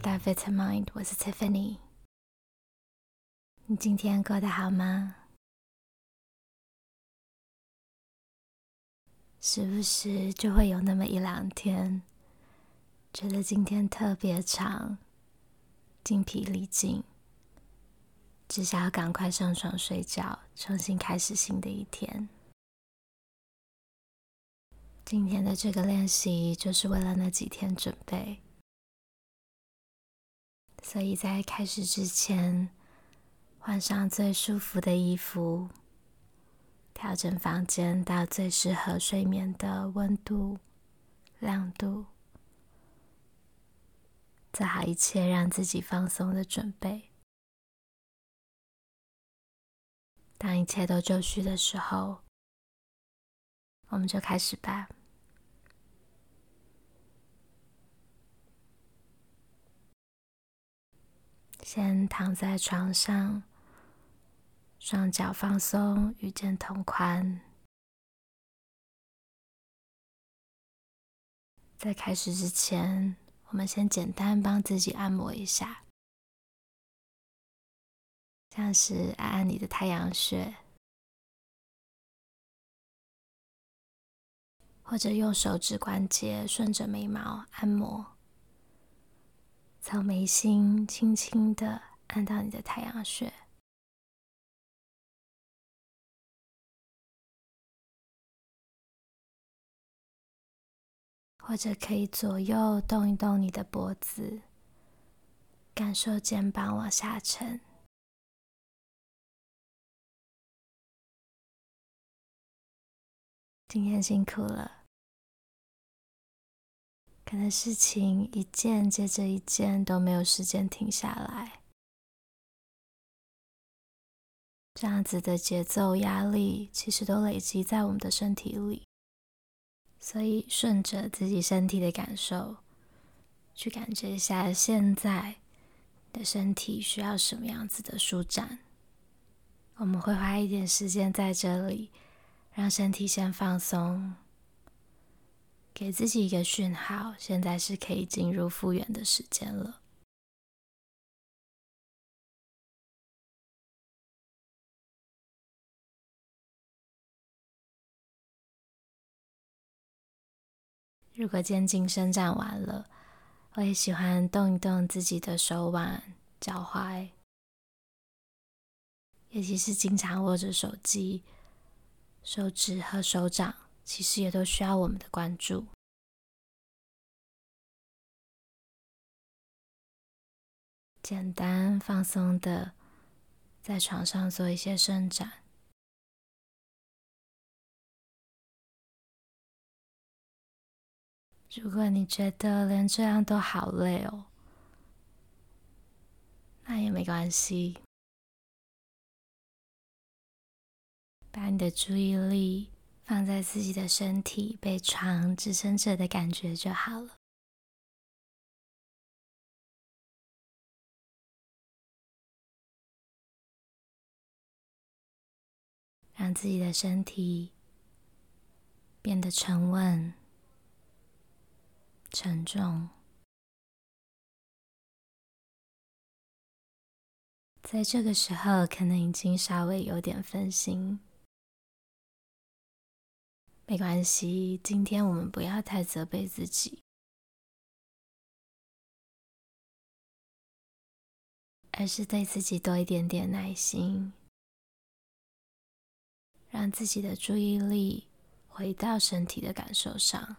大家晚上好，我是 Tiffany。你今天過得好嗎？時不時就會有那麼一兩天，覺得今天特別長，精疲力盡，只想要趕快上床睡覺，重新開始新的一天。今天的這個練習就是為了那幾天準備。所以在開始之前，換上最舒服的衣服，調整房間到最適合睡眠的溫度、亮度，做好一切讓自己放鬆的準備。當一切都就緒的時候，我們就開始吧。先躺在床上，雙腳放鬆，與肩同寬。在開始之前，我們先簡單幫自己按摩一下，像是按按你的太陽穴，或者用手指關節順着眉毛按摩。從眉心輕輕的按到你的太陽穴，或者可以左右動一動你的脖子，感受肩膀往下沉。今天辛苦了。可能事情一件接着一件都沒有時間停下來，這樣子的節奏壓力其實都累積在我們的身體裡，所以順着自己身體的感受去感覺一下現在的身體需要什麼樣子的舒展。我們會花一點時間在這裡，讓身體先放鬆。給自己一個訊號，現在是可以進入復原的時間了。如果肩頸伸展完了，我也喜歡動一動自己的手腕、腳踝，尤其是經常握着手機，手指和手掌。其實也都需要我們的關注。簡單放鬆的在床上做一些伸展。如果你覺得連這樣都好累哦，那也沒關係。把你的注意力，放在自己的身體被床支撐着的感覺就好了，讓自己的身體變得沉穩、沉重。在這個時候，可能已經稍微有點分心。沒關係，今天我們不要太責備自己，而是對自己多一點點耐心，讓自己的注意力回到身體的感受上。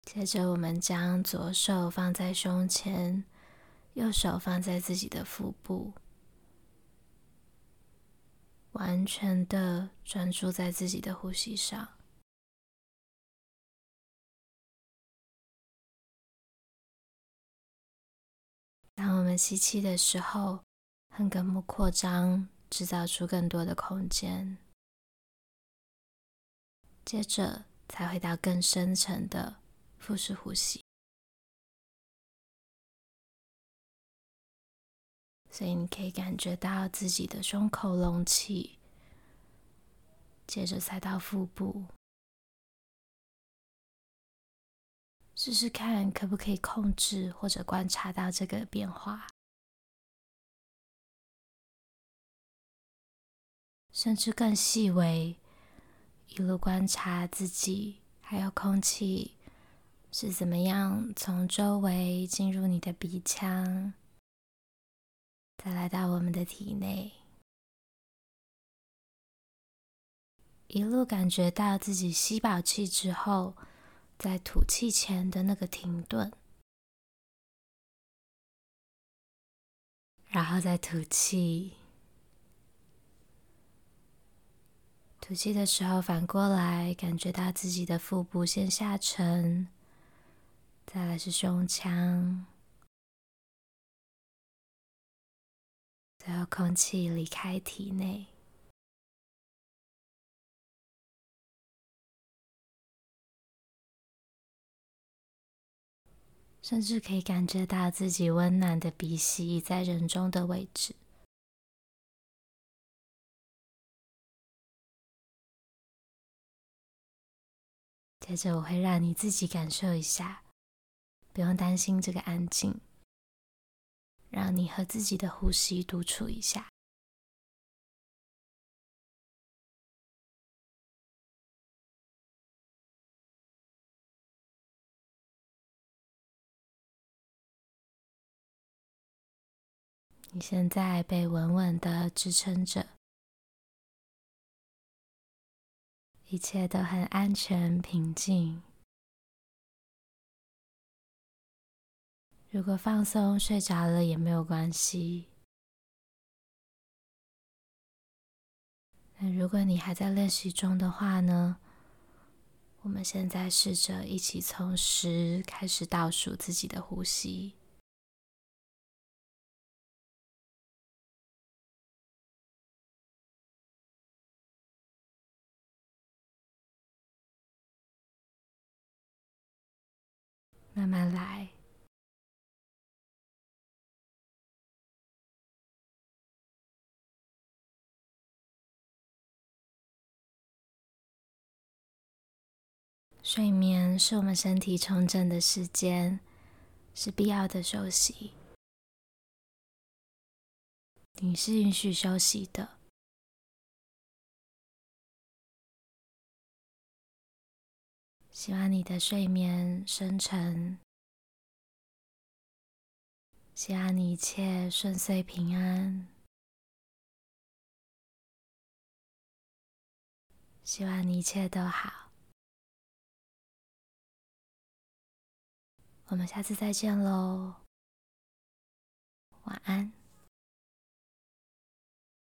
接着，我們將左手放在胸前。右手放在自己的腹部，完全的專注在自己的呼吸上。當我們吸氣的時候，橫膈膜擴張，製造出更多的空間，接着才回到更深層的腹式呼吸。所以你可以感覺到自己的胸口隆起，接着再到腹部，試試看可不可以控制或者觀察到這個變化，甚至更細微，一路觀察自己還有空氣是怎麼樣從周圍進入你的鼻腔。再來到我們的體內，一路感覺到自己吸飽氣之後，在吐氣前的那個停頓，然後再吐氣。吐氣的時候反過來感覺到自己的腹部先下沉，再來是胸腔。最後，空氣離開體內，甚至可以感覺到自己溫暖的鼻息在人中的位置。接着，我會讓你自己感受一下，不用擔心這個安靜。讓你和自己的呼吸獨處一下。你現在被穩穩的支撐着，一切都很安全、平靜。如果放鬆睡着了也沒有關係。那如果你還在練習中的話呢？我們現在試着一起從十開始倒數自己的呼吸。慢慢來。睡眠是我們身體重整的時間，是必要的休息。你是允許休息的。希望你的睡眠深沉。希望你一切順遂平安。希望你一切都好。我們下次再見嘍，晚安。